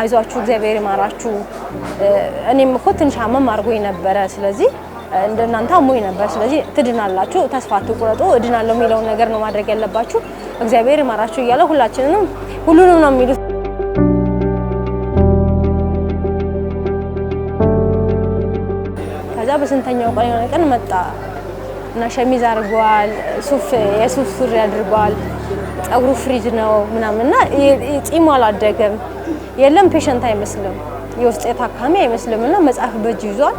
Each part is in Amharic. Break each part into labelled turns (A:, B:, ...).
A: አይዟችሁ እግዚአብሔር ይማራችሁ። እኔም እኮ ትንሽ አመም አድርጎኝ ነበረ። ስለዚህ እንደናንተ አሞኝ ነበር። ስለዚህ ትድናላችሁ፣ ተስፋ አትቁረጡ፣ እድናለሁ የሚለውን ነገር ነው ማድረግ ያለባችሁ። እግዚአብሔር ይማራችሁ እያለ ሁላችንንም ሁሉንም ነው የሚሉት። ከዛ በስንተኛው ቀን የሆነ ቀን መጣ እና ሸሚዝ አድርጓል፣ ሱፍ የሱፍ ሱሪ አድርጓል፣ ጸጉሩ ፍሪጅ ነው ምናምን እና ጺሙ አላደገም። የለም ፔሸንት አይመስልም የውስጥ የታካሚ አይመስልም። እና መጽሐፍ በእጅ ይዟል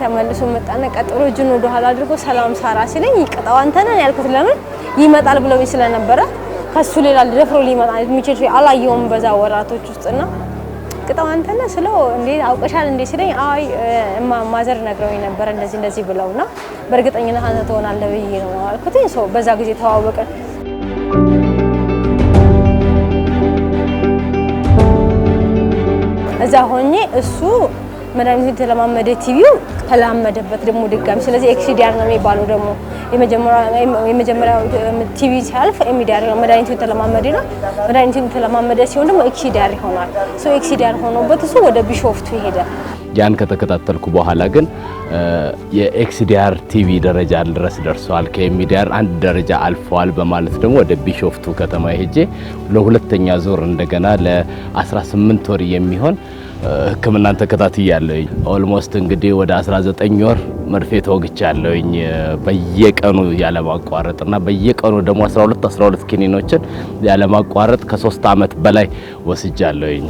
A: ተመልሶ መጣና ቀጥሎ እጁን ወደኋላ አድርጎ ሰላም ሳራ ሲለኝ ይቅጣው አንተነን ያልኩት ለምን ይመጣል ብለው ስለነበረ ከሱ ሌላ ደፍሮ ሊመጣ የሚችል አላየውም በዛ ወራቶች ውስጥና ቅጣው አንተነህ ስለው እንዴ አውቀሻል እንዴ ሲለኝ አይ ማዘር ነግረውኝ ነበረ እንደዚህ እንደዚህ ብለውና በእርግጠኝነት አንተ ትሆናለህ ብዬ ነው አልኩት። ሰው በዛ ጊዜ ተዋወቅን። እዛ ሆኜ እሱ መድኃኒቱ የተለማመደ ቲቪው ተላመደበት ደግሞ ድጋሚ። ስለዚህ ኤክሲዲያር ነው የሚባለው ደግሞ የመጀመሪያው ቲቪ ሲያልፍ ኤሚዲያር ነው፣ መድኃኒቱ የተለማመደ ነው። መድኃኒቱ የተለማመደ ሲሆን ደግሞ ኤክሲዲያር ይሆናል። ሶ ኤክሲዲያር ሆኖበት እሱ ወደ ቢሾፍቱ ይሄዳል።
B: ያን ከተከታተልኩ በኋላ ግን የኤክስዲአር ቲቪ ደረጃ ድረስ ደርሰዋል፣ ከኤሚዲያር አንድ ደረጃ አልፈዋል በማለት ደግሞ ወደ ቢሾፍቱ ከተማ ሄጄ ለሁለተኛ ዙር እንደገና ለ18 ወር የሚሆን ሕክምናን ተከታትያለሁኝ። ኦልሞስት እንግዲህ ወደ 19 ወር መርፌ ተወግቻለሁኝ በየቀኑ ያለማቋረጥ እና በየቀኑ ደግሞ 12 12 ኪኒኖችን ያለማቋረጥ ከሶስት ዓመት በላይ ወስጃለሁኝ።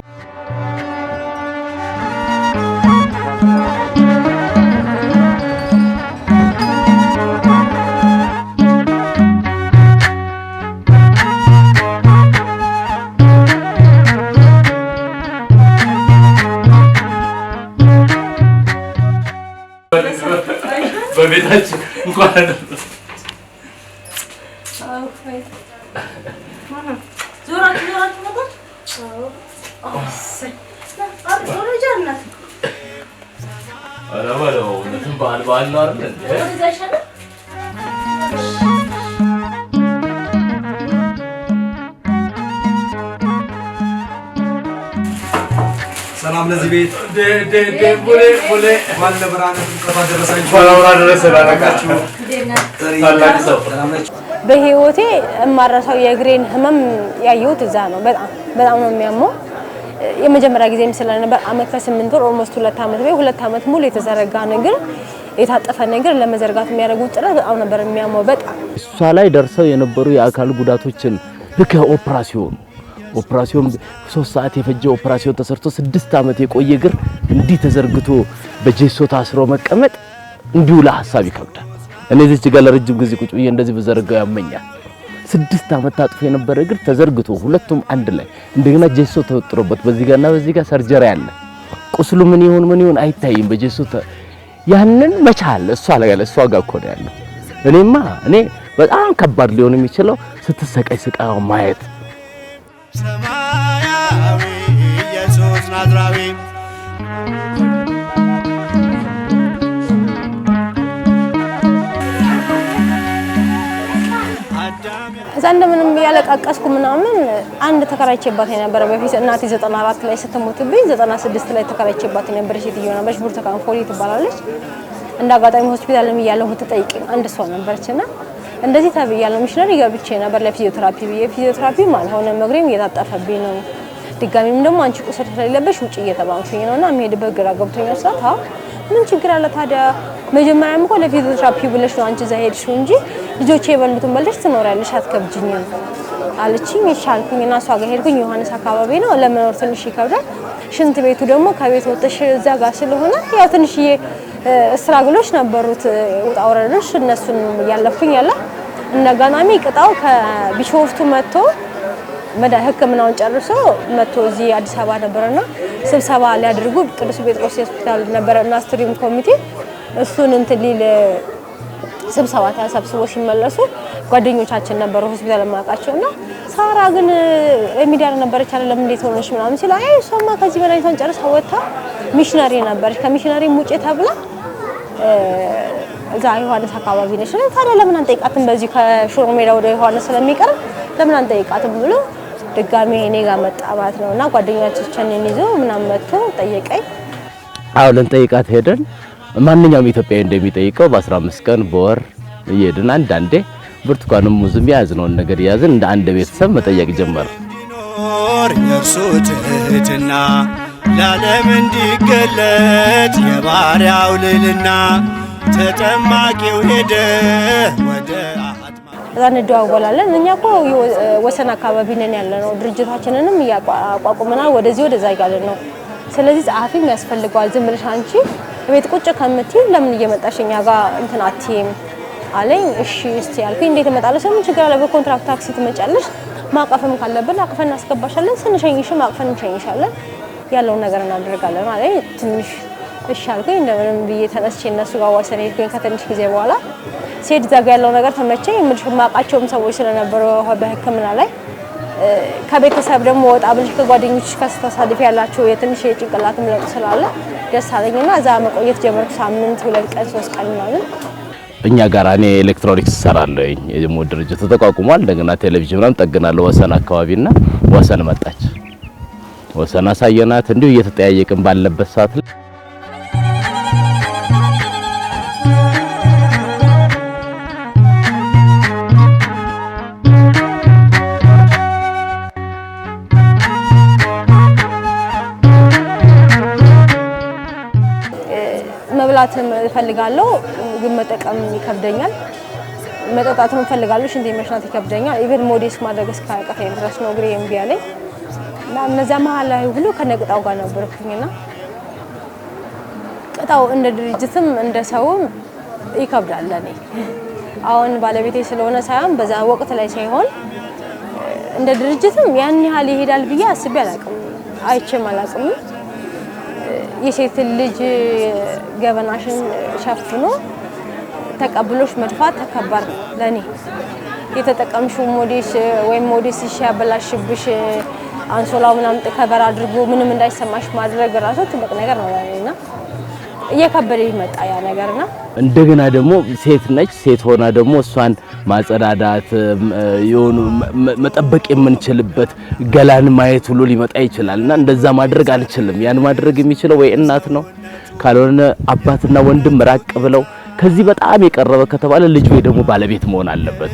C: በዓል በዓል ነው አይደል? ሰላም ለዚህ ቤት
A: በህይወቴ የማረሳው የእግሬን ህመም ያየሁት እዛ ነው። በጣም በጣም ነው የሚያመው። የመጀመሪያ ጊዜም ስለነበር አመት ከስምንት ወር ኦልሞስት ሁለት አመት ወይ ሁለት አመት ሙሉ የተዘረጋ ነገር የታጠፈ ነገር ለመዘርጋት የሚያደርጉት ጥረት በጣም ነበር የሚያመው። በጣም
D: እሷ ላይ ደርሰው የነበሩ የአካል ጉዳቶችን ልክ ኦፕራሲዮን ኦፕራሲዮን ሶስት ሰዓት የፈጀ ኦፕራሲዮን ተሰርቶ ስድስት ዓመት የቆየ እግር እንዲህ ተዘርግቶ በጄሶ ታስሮ መቀመጥ እንዲሁ ለሀሳብ ይከብዳል። እኔ እዚህ ጋር ለረጅም ጊዜ ቁጭ ብዬ እንደዚህ በዘረጋው ያመኛል። ስድስት ዓመት ታጥፎ የነበረ እግር ተዘርግቶ ሁለቱም አንድ ላይ እንደገና ጄሶ ተወጥሮበት በዚህ ጋርና በዚህ ጋር ሰርጀሪ አለ። ቁስሉ ምን ይሁን ምን ይሁን አይታይም። በጄሶ ያንን መቻል እሷ ላይ እሷ ጋር እኮ ነው ያለው። እኔማ እኔ በጣም ከባድ ሊሆን የሚችለው ስትሰቃይ ስቃዩን ማየት ሰማያዊ ኢየሱስ ናዝራዊ
A: ከዛ እንደምንም ያለቃቀስኩ ምናምን አንድ ተከራይቼባት የነበረ በፊት እናቴ 94 ላይ ስትሞትብኝ 96 ላይ ተከራይቼባት የነበረች ሴትዮ ነበረች። ቡርቱካን ፎሊ ትባላለች። እንደ አጋጣሚ ሆስፒታልም እያለሁ ትጠይቅ አንድ ሰው ነበረችና እንደዚህ ተብያለሁ። ሚሽነሪ ገብቼ ነበር ለፊዚዮቴራፒ ብዬ ፊዚዮቴራፒ አልሆነም፣ እግሬም እየታጠፈብኝ ነው። ድጋሚም ደግሞ አንቺ ቁስል ስለሌለብሽ ውጭ እየተባንኩኝ ነው እና የምሄድበት ግራ ገብቶኛል ስላት ምን ችግር አለ ታዲያ? መጀመሪያም እኮ ለፊዚዮቴራፒ ብለሽ ነው አንቺ እዛ ሄድሽው እንጂ ልጆቼ የበሉትን በልተሽ ትኖሪያለሽ፣ አትከብጂኝም አለችኝ። ይሻልኩኝ እና እሷ ጋር ሄድኩኝ። ዮሐንስ አካባቢ ነው ለመኖር ትንሽ ይከብዳል። ሽንት ቤቱ ደግሞ ከቤት ወጥተሽ እዛ ጋር ስለሆነ ያው ትንሽዬ እስራግሎች ነበሩት፣ ውጣ ውረዶች እነሱን እያለፉኝ ያለ እንደጋጣሚ ቅጣው ከቢሾፍቱ መጥቶ መዳ ህክምናውን ጨርሶ መጥቶ እዚህ አዲስ አበባ ነበረና ስብሰባ ሊያደርጉ ቅዱስ ጴጥሮስ ሆስፒታል እና ስትሪም ኮሚቴ እሱን እንትን ሊል ስብሰባ ተሰብስቦ ሲመለሱ ጓደኞቻችን ነበሩ ሆስፒታል የማውቃቸው እና ሳራ ግን ሚዲያ ነበረች አለ ለምን እንዴት ሆነች ምናምን ሲል አይ እሷማ ከዚህ በላይ ጨርሳ ወጥታ ሚሽነሪ ነበረች ከሚሽነሪ ውጪ ተብላ እዛ ዮሐንስ አካባቢ ነች። ታዲያ ለምን አንጠይቃትም? በዚህ ከሽሮ ሜዳ ወደ ዮሐንስ ስለሚቀርብ ለምን አንጠይቃትም ብሎ ድጋሚ እኔ ጋር መጣባት ነው እና ጓደኛችንን ይዞ ምናምን መጥቶ ጠየቀኝ።
B: አዎ ልንጠይቃት ሄደን ማንኛውም ኢትዮጵያዊ እንደሚጠይቀው በ15 ቀን በወር እየሄድን አንዳንዴ ብርቱካንም ሙዝም የያዝነውን ነገር የያዝን እንደ አንድ ቤተሰብ መጠየቅ ጀመር። ለዓለም እንዲገለጥ
A: የባሪያው ልልና ተጠማቂው ሄደ ወደ እዛ እንደዋወላለን። እኛ እኮ ወሰን አካባቢ ነን ያለ ነው። ድርጅታችንንም እያቋቁመናል ወደዚህ ወደዛ እያልን ነው። ስለዚህ ጸሐፊም ያስፈልገዋል። ዝም ብለሽ አንቺ ቤት ቁጭ ከምትይ ለምን እየመጣሽ እኛ ጋር እንትን አትይም አለኝ። እሺ እስቲ ያልኩኝ፣ እንዴት እመጣለሁ? ስም ችግር አለ። በኮንትራክት ታክሲ ትመጫለሽ። ማቀፍም ካለብን አቅፈን እናስገባሻለን። ስንሸኝሽም አቅፈን እንሸኝሻለን። ያለውን ነገር እናደርጋለን ማለት ትንሽ እሺ አልኩኝ። እንደምንም ብዬ ተነስቼ እነሱ ጋር ዋሰን ሄድኩኝ። ከትንሽ ጊዜ በኋላ ሲሄድ እዛ ያለው ነገር ተመቸኝ። የምልሽ የማውቃቸውም ሰዎች ስለነበሩ በሕክምና ላይ ከቤተሰብ ደግሞ ወጣ ብልሽ ከጓደኞች ከስተሳልፍ ያላቸው የትንሽ የጭንቅላት ምለጡ ስላለ ደስ አለኝና እዛ መቆየት ጀመርኩ። ሳምንት፣ ሁለት ቀን፣ ሶስት ቀን ምናምን
B: እኛ ጋር እኔ ኤሌክትሮኒክስ እሰራለሁ። የሞ ድርጅት ተቋቁሟል። እንደገና ቴሌቪዥን ምናምን ጠግናለሁ። ወሰን አካባቢና ወሰን መጣች ወሰን አሳየናት። እንዲሁ እየተጠያየቅን ባለበት ሰዓት
A: መብላትም እፈልጋለሁ፣ ግን መጠቀም ይከብደኛል። መጠጣትም እፈልጋለሁ፣ ሽንቴ መሽናት ይከብደኛል። ኢቨን ሞዴስ ማድረግ እስካያቀተኝ ድረስ ነው እግሬ እምቢ አለኝ። እና እነዚያ መሀል ላይ ሁሉ ከነቅጣው ጋር ነበርኩኝና ቅጣው እንደ ድርጅትም እንደ ሰውም ይከብዳል ለኔ። አሁን ባለቤቴ ስለሆነ ሳይሆን በዛ ወቅት ላይ ሳይሆን እንደ ድርጅትም ያን ያህል ይሄዳል ብዬ አስቤ አላቅም፣ አይቼም አላቅም። የሴት ልጅ ገበናሽን ሸፍኖ ተቀብሎሽ መድፋት ተከባድ ነው ለኔ። የተጠቀምሽው ሞዴስ ወይም ሞዴስ ሲያበላሽብሽ አንሶላ ምናምን ከበር አድርጎ ምንም እንዳይሰማሽ ማድረግ ራሱ ትልቅ ነገር ነው እና እየከበደ ይመጣ ያ ነገርና
D: እንደገና ደግሞ ሴት ነች። ሴት ሆና ደግሞ እሷን ማጸዳዳት የሆኑ መጠበቅ የምንችልበት ገላን ማየት ሁሉ ሊመጣ ይችላል እና እንደዛ ማድረግ አልችልም። ያን ማድረግ የሚችለው ወይ እናት ነው፣ ካልሆነ አባትና ወንድም ራቅ ብለው ከዚህ በጣም የቀረበ ከተባለ ልጅ ወይ ደግሞ ባለቤት መሆን አለበት።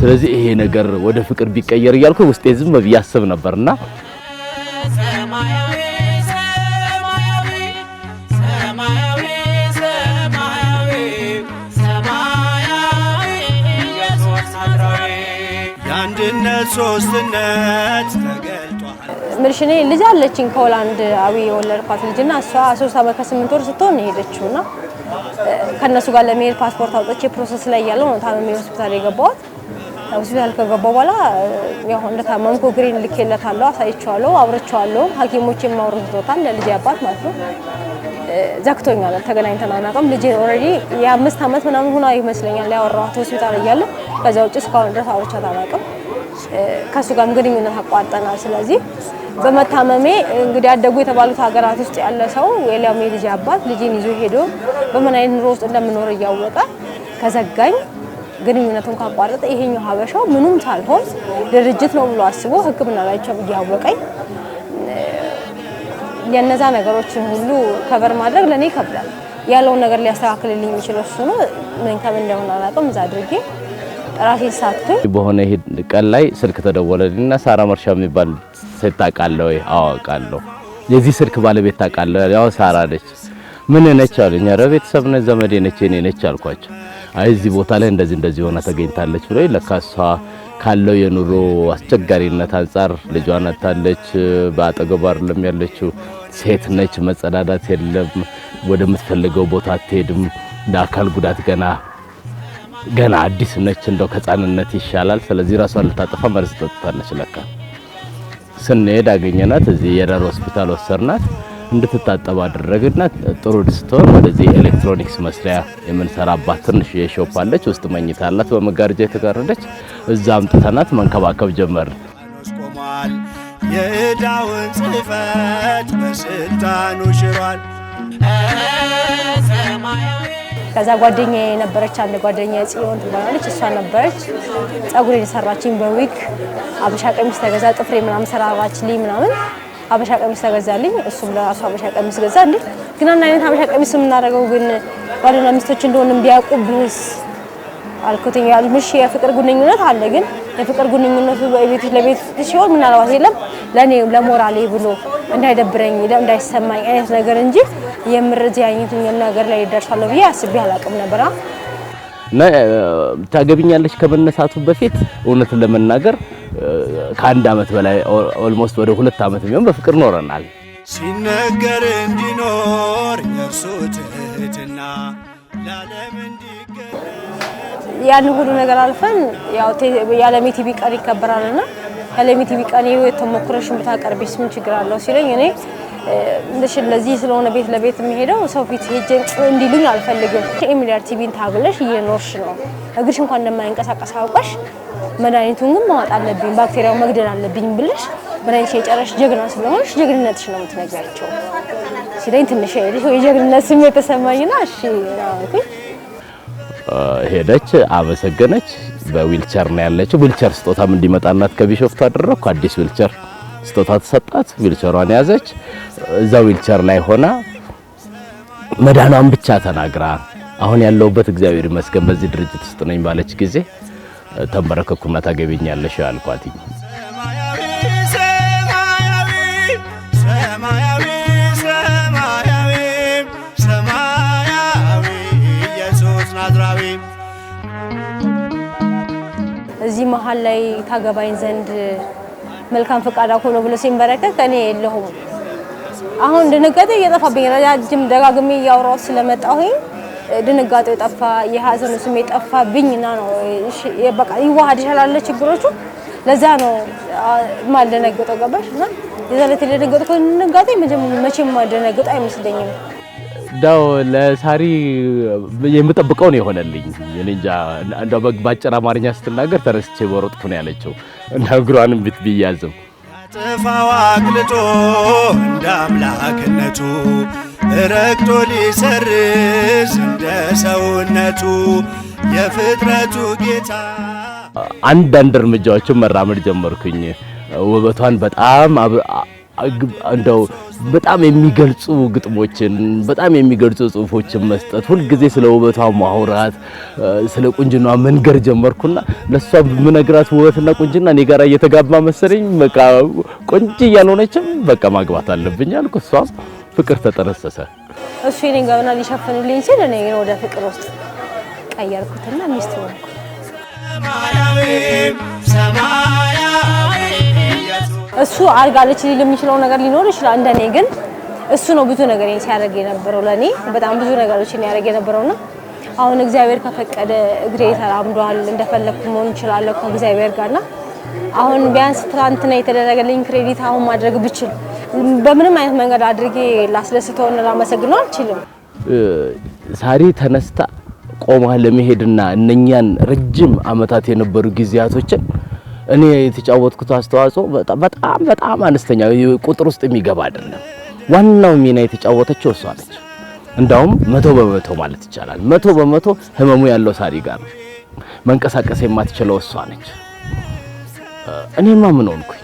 D: ስለዚህ ይሄ ነገር ወደ ፍቅር ቢቀየር እያልኩ ውስጤ ዝም ብዬ አስብ ነበርና
A: አንድነት ተገልጧል። ልጅ አለችኝ ከሆላንድ አዊ የወለድኳት ልጅና እሷ ሶስት አመት ከስምንት ወር ስትሆን ሄደችውና ከእነሱ ጋር ለመሄድ ፓስፖርት አውጥቼ ፕሮሰስ ላይ እያለሁ ነው ታመሜ ሆስፒታል የገባሁት። ሆስፒታል ከገባሁ በኋላ ያው እንደታመምኩ ግሪን ልኬለታለሁ፣ አሳይቼዋለሁ፣ አውርቼዋለሁ። ሐኪሞች የማውርቶታል ለልጄ አባት ማለት ነው። ዘግቶኛል፣ ተገናኝተን አናውቅም። ልጄ ኦልሬዲ የአምስት ዓመት ምናምን ሆና ይመስለኛል ያወራኋት ሆስፒታል እያለ። ከዛ ውጭ እስካሁን ድረስ አውርቻት አናውቅም። ከእሱ ጋርም ግንኙነት አቋርጠናል። ስለዚህ በመታመሜ እንግዲህ አደጉ የተባሉት ሀገራት ውስጥ ያለ ሰው የለም የልጅ አባት ልጅን ይዞ ሄዶ በምን አይነት ኑሮ ውስጥ እንደምኖር እያወቀ ከዘጋኝ ግንኙነቱን ካቋረጠ ይሄኛው ሀበሻው ምኑም ሳልሆን ድርጅት ነው ብሎ አስቦ ሕክምና ላይቸው እያወቀኝ የነዛ ነገሮችን ሁሉ ከበር ማድረግ ለእኔ ይከብዳል። ያለውን ነገር ሊያስተካክልልኝ የሚችለው እሱ ነው። ምን ከምን እንደሆነ አላውቅም። እዛ አድርጌ ራሴ ሳትኩኝ
B: በሆነ ቀን ላይ ስልክ ተደወለልኝ እና ሳራ መርሻ የሚባል ሴት ታውቃለህ ወይ? አውቃለሁ። የዚህ ስልክ ባለቤት ታውቃለህ? ያው ሳራ ነች። ምን ነች አሉኝ። ኧረ ቤተሰብ ነች፣ ዘመዴ ነች፣ ነች አልኳቸው። አይ እዚህ ቦታ ላይ እንደዚህ እንደዚህ ሆና ተገኝታለች ብሎ ለካ እሷ ካለው የኑሮ አስቸጋሪነት አንጻር ልጇን አታለች። በአጠገቧ አይደለም ያለችው። ሴት ነች፣ መጸዳዳት የለም፣ ወደምትፈልገው ቦታ አትሄድም። ለአካል ጉዳት ገና ገና አዲስ ነች፣ እንደው ከህፃንነት ይሻላል። ስለዚህ ራሷን ልታጠፋ መርዝ ጠጥታለች ለካ ስንሄድ አገኘናት። እዚህ የዳር ሆስፒታል ወሰርናት እንድትታጠብ አደረግናት። ጥሩ ድስትሆን ወደዚህ ኤሌክትሮኒክስ መስሪያ የምንሰራባት ትንሽ የሾፕ አለች። ውስጥ መኝታ አላት፣ በመጋረጃ የተጋረደች። እዛ አምጥተናት መንከባከብ ጀመርን። የዕዳውን ጽሕፈት
A: በስልጣኑ ሽሯል። ሰማያዊ ከዛ ጓደኛ የነበረች አንድ ጓደኛ ጽዮን ትባላለች። እሷ ነበረች ጸጉሬን የሰራችኝ በዊግ አበሻ ቀሚስ ተገዛ። ጥፍሬ ምናምን ሰራራችልኝ ምናምን አበሻ ቀሚስ ተገዛልኝ። እሱም ለራሱ አበሻ ቀሚስ ገዛ። እንዴ ግን አንድ አይነት አበሻ ቀሚስ የምናደርገው ግን ባልና ሚስቶች እንደሆነ ቢያውቁብስ አልኩትኝ ያልምሽ የፍቅር ግንኙነት አለ፣ ግን የፍቅር ግንኙነቱ በቤት ለቤት ሲሆን ምናልባት የለም ለኔ ለሞራሌ ብሎ እንዳይደብረኝ እንዳይሰማኝ አይነት ነገር እንጂ የምር እዚህ አይነት ነገር ላይ ይደርሳለሁ ብዬ አስቤ አላውቅም ነበር።
B: ታገብኛለች ከመነሳቱ በፊት እውነትን ለመናገር ከአንድ አመት በላይ ኦልሞስት ወደ ሁለት አመት የሚሆን በፍቅር ኖረናል። ሲነገር እንዲኖር የእርሱ
A: ትህትና ያን ሁሉ ነገር አልፈን ያው የዓለም ቲቪ ቀን ይከበራል እና የዓለም የቲቪ ቀን የህይወት ተሞክሮሽን ብታቀርቢስ ምን ችግር አለው ሲለኝ እኔ እንደሽ ለዚህ ስለሆነ ቤት ለቤት የሚሄደው ሰው ፊት ሄጄ እንዲሉኝ አልፈልግም። ኤሚሊያር ቲቪን ታግለሽ እየኖርሽ ነው። እግርሽ እንኳን እንደማይንቀሳቀስ አውቀሽ መድኃኒቱን ግን ማዋጥ አለብኝ፣ ባክቴሪያው መግደል አለብኝ ብለሽ መድኃኒት የጨረሽ ጀግና ስለሆንሽ ጀግንነትሽ ነው የምትነግራቸው ሲለኝ ትንሽ የጀግንነት ስሜት ተሰማኝና እሺ
B: ሄደች፣ አመሰገነች። በዊልቸር ነው ያለችው። ዊልቸር ስጦታም እንዲመጣናት ከቢሾፍቱ አደረኩ። አዲስ ዊልቸር ስጦታ ተሰጣት። ዊልቸሯን ያዘች። እዛ ዊልቸር ላይ ሆና መዳኗን ብቻ ተናግራ አሁን ያለውበት እግዚአብሔር ይመስገን በዚህ ድርጅት ውስጥ ነኝ ባለች ጊዜ ተንበረከኩና ታገቢኛለሽ አልኳት።
A: እዚህ መሀል ላይ ታገባኝ ዘንድ መልካም ፈቃዳ ሆኖ ብሎ ሲንበረከክ እኔ የለሁም። አሁን ድንጋጤ እየጠፋብኝ ረጃጅም ደጋግሜ እያወራሁት ስለመጣሁኝ ድንጋጤው ጠፋ፣ የሀዘኑ ስሜት ጠፋብኝና ነው በቃ ይዋሃድ ይሻላል ችግሮቹ። ለዛ ነው ማልደነገጠው ገባሽ እና የዛለት የደነገጥኩት ድንጋጤ መቼም ማልደነገጠው አይመስለኝም።
B: ዳው ለሳሪ የምጠብቀው ነው የሆነልኝ። እንጃ እንደው ባጭር አማርኛ ስትናገር ተረስቼ በሮጥኩ ነው ያለችው እና እግሯንም ቢት ብያዘው ጥፋው አቅልጦ እንደ አምላክነቱ ረግጦ ሊሰርዝ እንደ ሰውነቱ የፍጥረቱ ጌታ አንዳንድ እርምጃዎችን መራመድ ጀመርኩኝ ውበቷን በጣም እንደው በጣም የሚገልጹ ግጥሞችን በጣም የሚገልጹ ጽሁፎችን መስጠት፣ ሁልጊዜ ስለ ውበቷ ማውራት፣ ስለ ቁንጅና መንገር ጀመርኩና ለሷ ምነግራት ውበትና ቁንጅና እኔ ጋር እየተጋባ መሰለኝ። በቃ ቆንጂ እያልሆነችም በቃ ማግባት አለብኝ አልኩ። እሷም ፍቅር ተጠነሰሰ።
A: እሱ የኔን ጋብና ሊሸፍንልኝ ሲል እኔ ወደ ፍቅር ውስጥ ቀየርኩትና ሚስት ሆንኩ። ሰማያዊ ሰማያዊ እሱ አድጋለች ሊል የሚችለው ነገር ሊኖር ይችላል። እንደኔ ግን እሱ ነው ብዙ ነገር ሲያደርግ የነበረው ለኔ በጣም ብዙ ነገሮችን ያደርግ የነበረውና አሁን እግዚአብሔር ከፈቀደ እግሬ ተራምዷል። እንደፈለግኩ መሆን እችላለሁ ከእግዚአብሔር ጋርና አሁን ቢያንስ ትናንትና የተደረገልኝ ክሬዲት አሁን ማድረግ ብችል በምንም አይነት መንገድ አድርጌ ላስደስተውና ላመሰግነው አልችልም።
D: ዛሬ ተነስታ ቆማ ለመሄድና እነኛን ረጅም አመታት የነበሩ ጊዜያቶችን እኔ የተጫወትኩት አስተዋጽኦ በጣም በጣም አነስተኛ ቁጥር ውስጥ የሚገባ አይደለም። ዋናው ሚና የተጫወተችው እሷ ነች። እንዳውም መቶ በመቶ ማለት ይቻላል መቶ በመቶ ህመሙ ያለው ሳሪ ጋር ነው። መንቀሳቀስ የማትችለው እሷ ነች። እኔማ ምን ሆንኩኝ?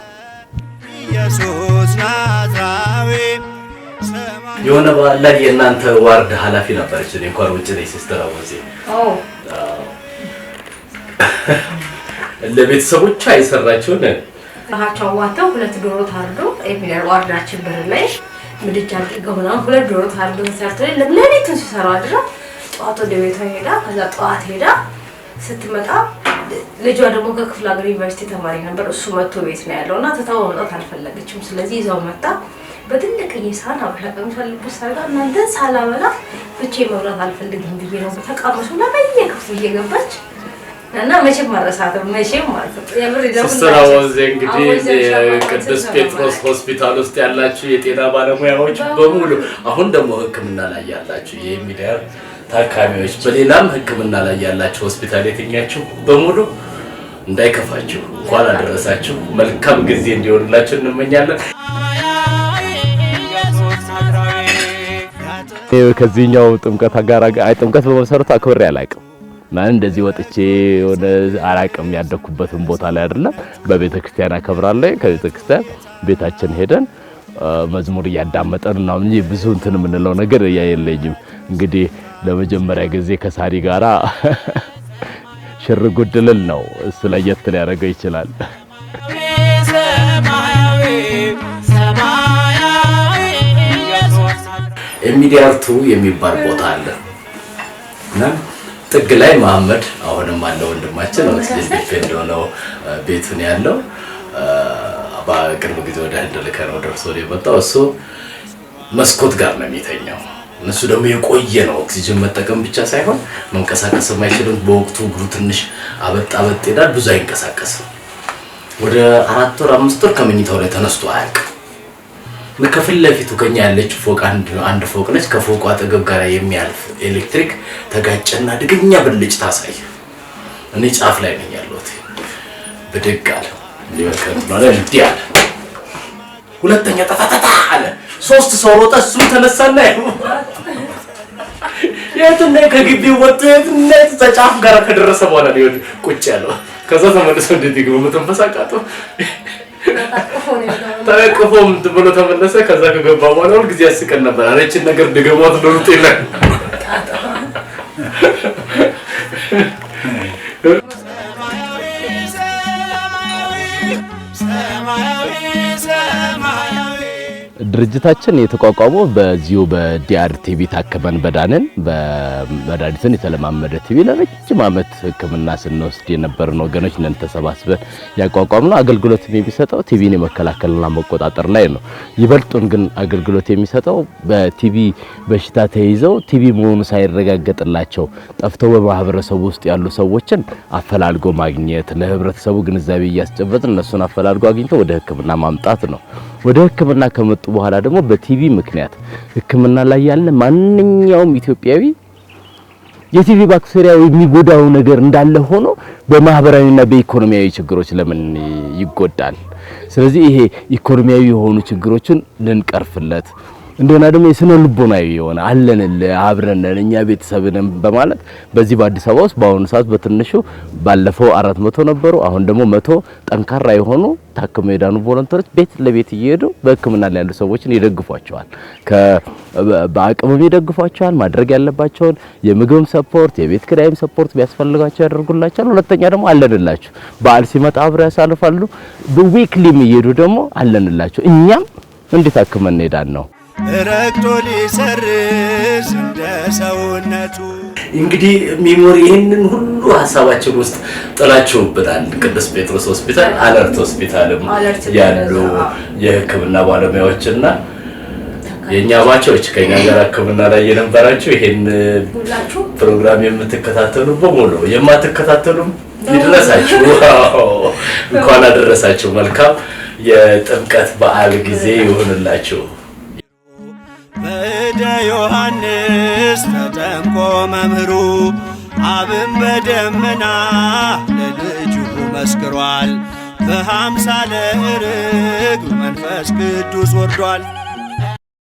C: የሆነ በዓል ላይ የእናንተ ዋርድ ኃላፊ ነበረች። እኔ እንኳን ውጭ ነኝ ሲስተር አወዜ ለቤተሰቦቿ የሰራችውን
A: ራሳቸው አዋተው ሁለት ዶሮ ታርዶ የሚለር ዋርዳችን ብር ላይ ምድጃ አድርገው ምናምን ሁለት ዶሮ ታርዶ ሰርቶ ለሌሊቱን ሲሰራ አድራ ጠዋት ወደ ቤቷ ሄዳ ከዛ ጠዋት ሄዳ ስትመጣ ልጇ ደግሞ ከክፍለ ሀገር ዩኒቨርሲቲ ተማሪ ነበር። እሱ መጥቶ ቤት ነው ያለው እና ትታው መምጣት አልፈለገችም። ስለዚህ ይዛው መጣ። በትልቅዬ ሳህን አብላ በምፈልጉት ሰርጋ እናንተ ሳላበላ ብቻዬን መብላት አልፈልግም ብዬ ነው ተቃመሱ ለበየ ክፍሉ እየገባች እና መቼም አረሳትም መቼም ማለት ነው።
C: ሲስተር አወዜ እንግዲህ ቅዱስ ጴጥሮስ ሆስፒታል ውስጥ ያላችሁ የጤና ባለሙያዎች በሙሉ አሁን ደግሞ ሕክምና ላይ ያላችሁ የሚዲያ ታካሚዎች፣ በሌላም ሕክምና ላይ ያላችሁ ሆስፒታል የትኛችሁ በሙሉ እንዳይከፋችሁ እንኳን አደረሳችሁ። መልካም ጊዜ እንዲሆንላችሁ እንመኛለን።
B: ከዚህኛው ጥምቀት ጋር አይ ጥምቀት በመሰረቱ አክብሬ አላውቅም ማን እንደዚህ ወጥቼ የሆነ አላቅም ያደኩበትን ቦታ ላይ አይደለም። በቤተ ክርስቲያን አከብራለሁ። ከቤተ ክርስቲያን ቤታችን ሄደን መዝሙር እያዳመጠን ነው እንጂ ብዙ እንትን የምንለው ነገር የለኝም። እንግዲህ ለመጀመሪያ ጊዜ ከሳሪ ጋራ ሽር ጉድልል ነው። እሱ ለየት ሊያደርገው ይችላል።
C: የሚዲያርቱ የሚባል ቦታ አለ ጥግ ላይ መሀመድ አሁንም አለ ወንድማችን ዲፌ እንደሆነው ቤቱን ያለው በቅርብ ጊዜ ወደ ህንድ ልከ ነው ደርሶ የመጣው እሱ መስኮት ጋር ነው የሚተኛው። እነሱ ደግሞ የቆየ ነው ኦክሲጅን መጠቀም ብቻ ሳይሆን መንቀሳቀስ የማይችልም በወቅቱ እግሩ ትንሽ አበጥ አበጥ ይላል፣ ብዙ አይንቀሳቀስም። ወደ አራት ወር አምስት ወር ከመኝታው ላይ ተነስቶ አያውቅም። ከፊት ለፊቱ ከኛ ያለች ፎቅ አንድ አንድ ፎቅ ነች። ከፎቁ አጠገብ ጋር የሚያልፍ ኤሌክትሪክ ተጋጨና ድግኛ ብልጭ አሳየ። እኔ ጫፍ ላይ ነኝ ያለሁት። ብድግ አለ እንዲህ አለ። ሁለተኛ ጠፋጠጣ አለ። ሶስት ሰው ሮጠ። እሱም ተነሳና የትና ከግቢው ወጥቶ የትነት ተጫፍ ጋር ከደረሰ በኋላ ቁጭ ያለው ከዛ ተመልሶ እንዴት ይግቡ መተንፈስ አቃተው። ተቅፎ ብሎ ተመለሰ። ከዛ ከገባ በኋላ ሁልጊዜ ያስቀን ነበር። አረችን ነገር ድገሟት ዶርጤ የለን
B: ድርጅታችን የተቋቋመው በዚሁ በዲአር ቲቪ ታክመን በዳንን በመድኃኒትን የተለማመደ ቲቪ ለረጅም ዓመት ሕክምና ስንወስድ የነበርን ወገኖች ነን ተሰባስበን ያቋቋምነው። አገልግሎት የሚሰጠው ቲቪን የመከላከልና መቆጣጠር ላይ ነው። ይበልጡን ግን አገልግሎት የሚሰጠው በቲቪ በሽታ ተይዘው ቲቪ መሆኑ ሳይረጋገጥላቸው ጠፍተው በማህበረሰቡ ውስጥ ያሉ ሰዎችን አፈላልጎ ማግኘት ለህብረተሰቡ ግንዛቤ እያስጨበጥን እነሱን አፈላልጎ አግኝተው ወደ ሕክምና ማምጣት ነው። ወደ ህክምና ከመጡ በኋላ ደግሞ በቲቪ ምክንያት ህክምና ላይ ያለ ማንኛውም ኢትዮጵያዊ የቲቪ ባክቴሪያ የሚጎዳው ነገር እንዳለ ሆኖ በማህበራዊና በኢኮኖሚያዊ ችግሮች ለምን ይጎዳል? ስለዚህ ይሄ ኢኮኖሚያዊ የሆኑ ችግሮችን ልንቀርፍለት እንደሆነ ደግሞ የስነ ልቦናዊ የሆነ አለንልህ አብረንን እኛ ቤተሰብንም በማለት በዚህ በአዲስ አበባ ውስጥ በአሁኑ ሰዓት በትንሹ ባለፈው አራት መቶ ነበሩ። አሁን ደግሞ መቶ ጠንካራ የሆኑ ታክመው የዳኑ ቮለንተሮች ቤት ለቤት እየሄዱ በሕክምና ላይ ያሉ ሰዎችን ይደግፏቸዋል። በአቅምም ይደግፏቸዋል። ማድረግ ያለባቸውን የምግብም ሰፖርት፣ የቤት ኪራይም ሰፖርት ቢያስፈልጋቸው ያደርጉላቸዋል። ሁለተኛ ደግሞ አለንላችሁ በዓል ሲመጣ አብረው ያሳልፋሉ። ዊክሊም እየሄዱ ደግሞ አለንላቸው እኛም እንዴት አክመን እንሄዳን ነው ረግጦ ሊሰርዝ
C: እንደ ሰውነቱ እንግዲህ ሚሞሪ ይህንን ሁሉ ሀሳባችን ውስጥ ጥላችሁበታል። ቅዱስ ጴጥሮስ ሆስፒታል፣ አለርት ሆስፒታልም ያሉ የህክምና ባለሙያዎች እና የእኛ ባቸዎች ከኛ ጋር ሕክምና ላይ የነበራችሁ ይሄን ፕሮግራም የምትከታተሉ በሙሉ የማትከታተሉም ይድረሳችሁ፣ እንኳን አደረሳችሁ። መልካም የጥምቀት በዓል ጊዜ ይሁንላችሁ። ወደ ዮሐንስ ተጠምቆ መምህሩ አብን በደመና ለልጁ መስክሯል። በሃምሳለ ርግብ መንፈስ ቅዱስ ወርዷል።